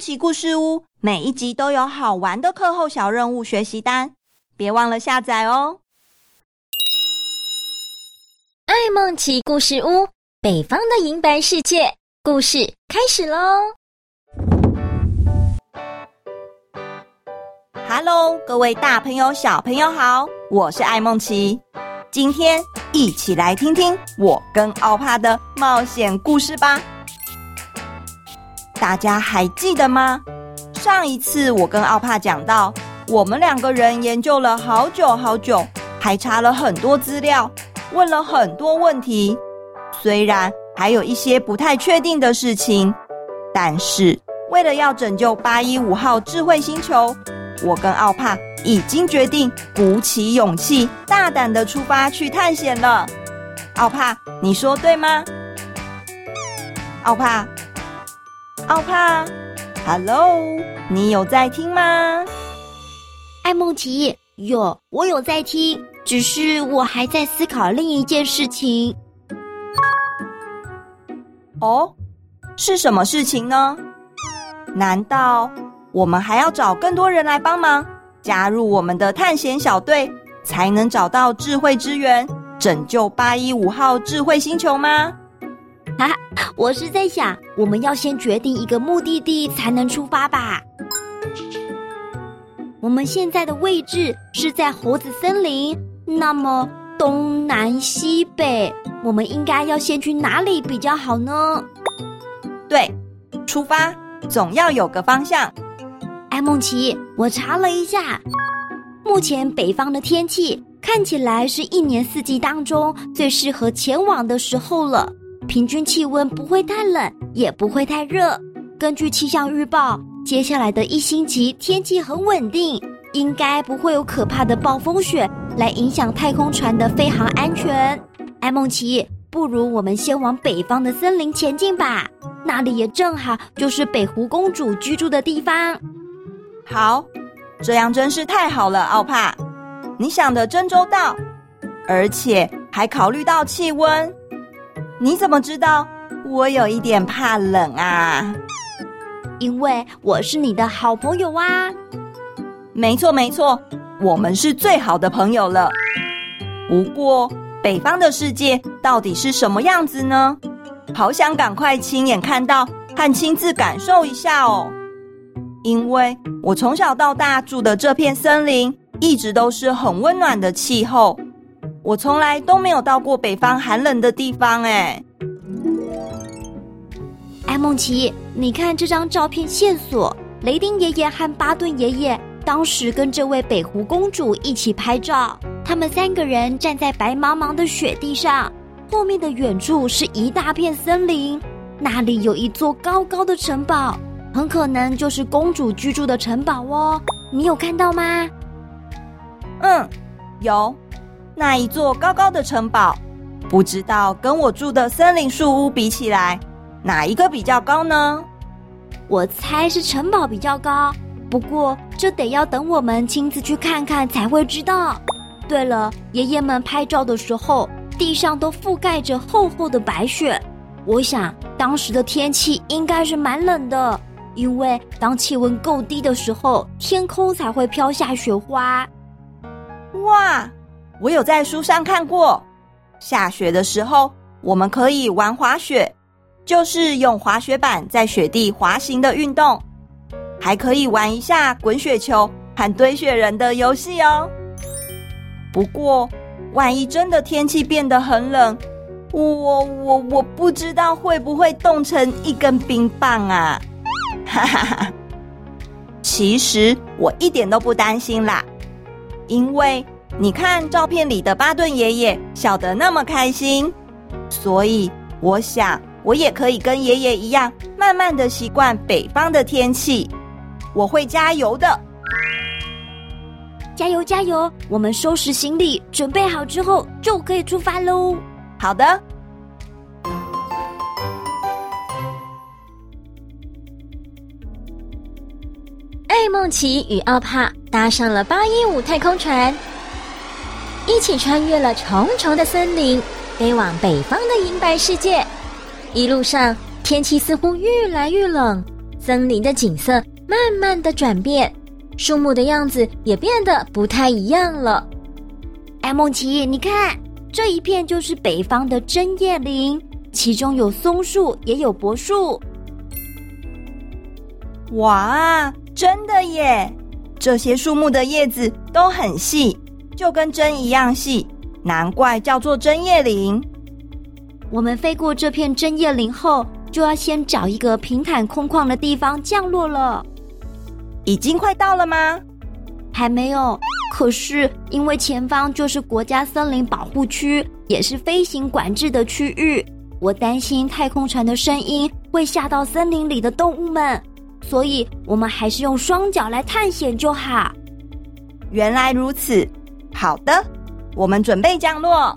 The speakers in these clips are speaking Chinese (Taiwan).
奇故事屋每一集都有好玩的課後小任務學習單，別忘了下載哦！愛孟奇故事屋，北方的銀白世界，故事開始嘍！哈嘍，Hello, 各位大朋友小朋友好，我是愛孟奇，今天一起來聽聽我跟奧帕的冒險故事吧。大家還記得嗎？上一次我跟奧帕講到，我們兩個人研究了好久好久，還查了很多資料，問了很多問題。雖然還有一些不太確定的事情，但是為了要拯救八一五號智慧星球，我跟奧帕已經決定鼓起勇氣，大膽地出發去探險了。奧帕，你說對嗎？奧帕。奧帕，Hello，你有在聽嗎？愛孟奇，喲，我有在聽，只是我還在思考另一件事情。哦，是什麼事情呢？難道我們還要找更多人來幫忙，加入我們的探險小隊，才能找到智慧之源，拯救八一五號智慧星球嗎？我是在想，我們要先決定一個目的地才能出發吧。我們現在的位置是在猴子森林，那麼東南西北，我們應該要先去哪裡比較好呢？對，出發總要有個方向。愛孟奇，我查了一下，目前北方的天氣看起來是一年四季當中最適合前往的時候了。平均氣溫不會太冷，也不會太熱。根據氣象預報，接下來的一星期天氣很穩定，應該不會有可怕的暴風雪來影響太空船的飛行安全。愛孟奇，不如我們先往北方的森林前進吧，那裡也正好就是北湖公主居住的地方。好，這樣真是太好了，奧帕，你想的真周到，而且還考慮到氣溫。你怎麼知道我有一點怕冷啊？因為我是你的好朋友啊！沒錯沒錯，我們是最好的朋友了。不過北方的世界到底是什麼樣子呢？好想趕快親眼看到，和親自感受一下哦！因為我從小到大住的這片森林，一直都是很溫暖的氣候。我從來都沒有到過北方寒冷的地方哎。愛孟奇，你看這張照片線索，雷丁爺爺和巴頓爺爺當時跟這位北湖公主一起拍照，他們三個人站在白茫茫的雪地上，後面的遠處是一大片森林，那裡有一座高高的城堡，很可能就是公主居住的城堡哦。你有看到嗎？嗯，有。那一座高高的城堡，不知道跟我住的森林樹屋比起來，哪一個比較高呢？我猜是城堡比較高，不過這得要等我們親自去看看才會知道。對了，爺爺們拍照的時候，地上都覆蓋着厚厚的白雪，我想當時的天氣應該是蠻冷的，因為當氣溫夠低的時候，天空才會飄下雪花。哇！我有在書上看過，下雪的時候我們可以玩滑雪，就是用滑雪板在雪地滑行的運動，還可以玩一下滾雪球和堆雪人的遊戲哦。不過，萬一真的天氣變得很冷，我我我不知道會不會凍成一根冰棒啊！哈哈哈哈，其實我一點都不擔心啦，因為。你看照片裡的巴頓爺爺笑得那麼開心，所以我想我也可以跟爺爺一樣，慢慢的習慣北方的天氣。我會加油的，加油加油！我們收拾行李，準備好之後就可以出發嘍。好的。愛孟奇與奧帕搭上了815太空船。一起穿越了重重的森林，飛往北方的銀白世界。一路上天氣似乎越來越冷，森林的景色慢慢的轉變，樹木的樣子也變得不太一樣了。愛孟奇，你看這一片就是北方的針葉林，其中有松樹也有柏樹。哇，真的耶！這些樹木的葉子都很細。就跟針一樣細，難怪叫做針葉林。我們飛過這片針葉林後，就要先找一個平坦空曠的地方降落了。已經快到了嗎？還沒有。可是因為前方就是國家森林保護區，也是飛行管制的區域，我擔心太空船的聲音會嚇到森林裡的動物們，所以我們還是用雙腳來探險就好。原來如此。好的，我們準備降落。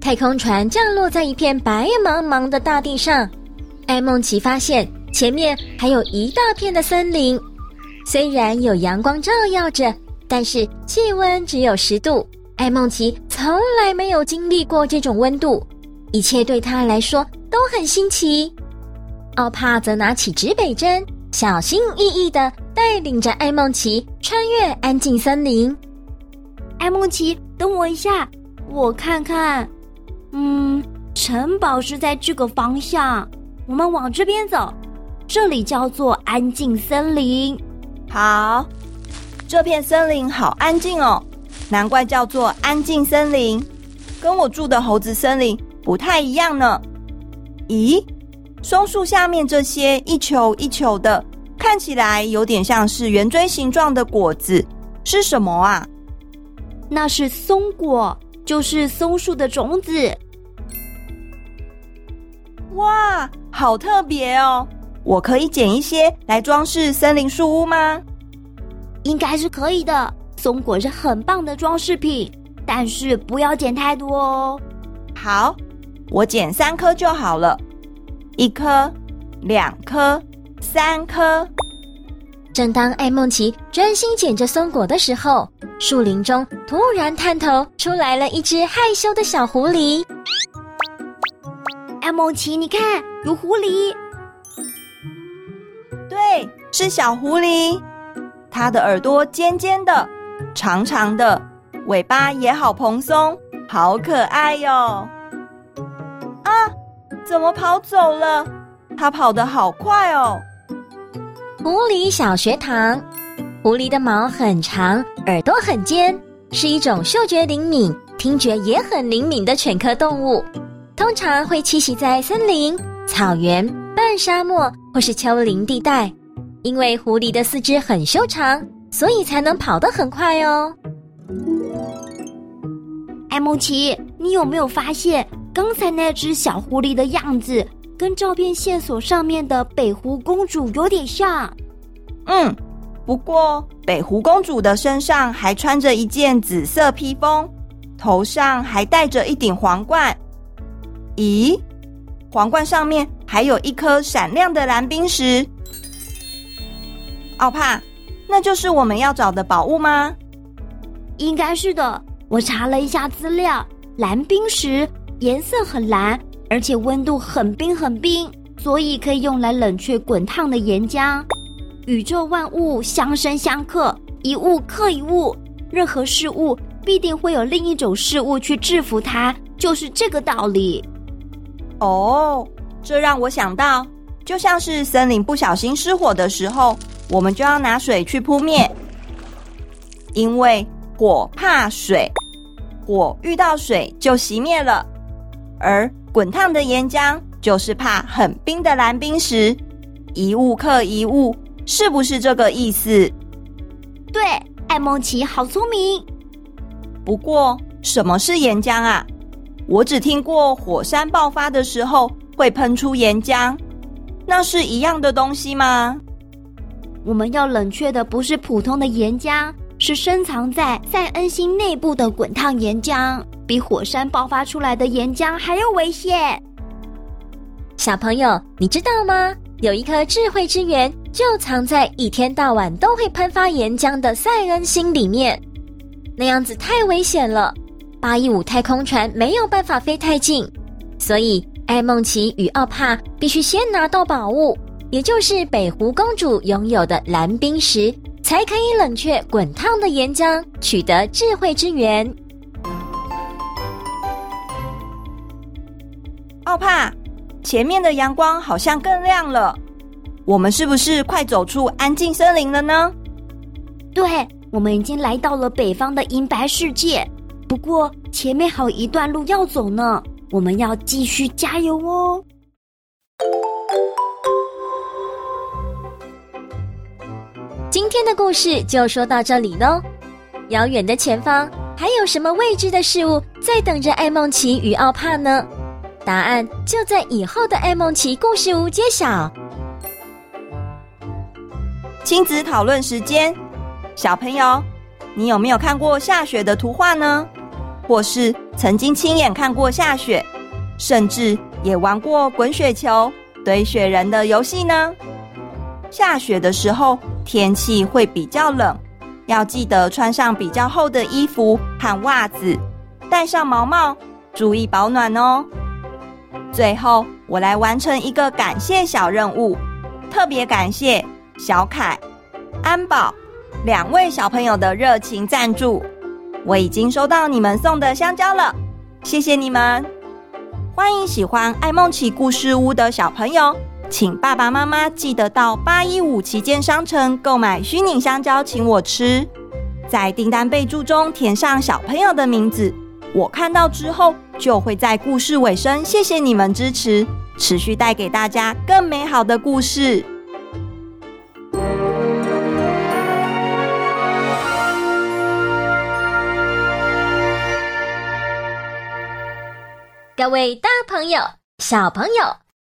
太空船降落在一片白茫茫的大地上，愛孟奇發現前面還有一大片的森林。雖然有陽光照耀着，但是氣溫只有十度，愛孟奇從來沒有經歷過這種溫度，一切對他來說都很新奇。奧帕則拿起指北針。小心翼翼地帶領着愛孟奇穿越安靜森林。愛孟奇，等我一下，我看看。嗯，城堡是在這個方向，我們往這邊走。這裡叫做安靜森林。好，這片森林好安靜哦，難怪叫做安靜森林，跟我住的猴子森林不太一樣呢。咦？松樹下面這些一球一球的，看起來有點像是圓錐形狀的果子，是什麼啊？那是松果，就是松樹的種子。哇，好特別哦！我可以撿一些來裝飾森林樹屋嗎？應該是可以的，松果是很棒的裝飾品，但是不要撿太多哦。好，我撿三顆就好了。一顆，兩顆，三顆。正當愛孟奇專心撿着松果的時候，樹林中突然探頭出來了一只害羞的小狐狸。愛孟奇，你看，有狐狸！對，是小狐狸。它的耳朵尖尖的，長長的，尾巴也好蓬鬆，好可愛喲、哦。怎麼跑走了？它跑得好快哦！狐狸小學堂。狐狸的毛很長，耳朵很尖，是一種嗅覺靈敏、聽覺也很靈敏的犬科動物。通常會棲息在森林、草原、半沙漠或是丘陵地帶。因為狐狸的四肢很修長，所以才能跑得很快哦。愛孟奇，你有沒有發現？剛才那隻小狐狸的樣子跟照片線索上面的北湖公主有點像。嗯，不過北湖公主的身上還穿着一件紫色披風，頭上還戴着一頂皇冠。咦？皇冠上面還有一顆閃亮的藍冰石。奧帕，那就是我們要找的寶物嗎？應該是的。我查了一下資料，藍冰石。顏色很藍，而且溫度很冰很冰，所以可以用來冷卻滾燙的岩漿。宇宙萬物相生相克，一物克一物，任何事物必定會有另一種事物去制服它，就是這個道理。哦，oh, 這讓我想到，就像是森林不小心失火的時候，我們就要拿水去撲滅，因為火怕水，火遇到水就熄滅了。而滾燙的岩漿就是怕很冰的藍冰石，一物克一物，是不是這個意思？對，愛孟奇好聰明。不過，什麼是岩漿啊？我只聽過火山爆發的時候會噴出岩漿，那是一樣的東西嗎？我們要冷卻的不是普通的岩漿。是深藏在塞恩星內部的滾燙岩漿，比火山爆發出來的岩漿還要危險。小朋友，你知道嗎？有一顆智慧之源，就藏在一天到晚都會噴發岩漿的塞恩星裡面。那樣子太危險了，八一五太空船沒有辦法飛太近，所以愛孟奇與奧帕必須先拿到寶物，也就是北湖公主擁有的藍冰石。才可以冷卻滾燙的岩漿，取得智慧之源。奧帕，前面的陽光好像更亮了，我們是不是快走出安靜森林了呢？對，我們已經來到了北方的銀白世界，不過前面好一段路要走呢，我們要繼續加油哦。今天的故事就說到這裡嘍。遙遠的前方還有什麼未知的事物在等着愛孟奇與奧帕呢？答案就在以後的愛孟奇故事屋揭曉。親子討論時間，小朋友，你有沒有看過下雪的圖畫呢？或是曾經親眼看過下雪，甚至也玩過滾雪球、堆雪人的遊戲呢？下雪的時候。天氣會比較冷，要記得穿上比較厚的衣服和襪子，戴上毛帽，注意保暖哦。最後，我來完成一個感謝小任務，特別感謝小凱、安寶兩位小朋友的熱情贊助。我已經收到你們送的香蕉了，謝謝你們！歡迎喜歡愛孟奇故事屋的小朋友。請爸爸媽媽記得到815旗艦商城購買虛擬香蕉，請我吃。在訂單備註中填上小朋友的名字，我看到之後就會在故事尾聲謝謝你們支持，持續帶給大家更美好的故事。各位大朋友、小朋友。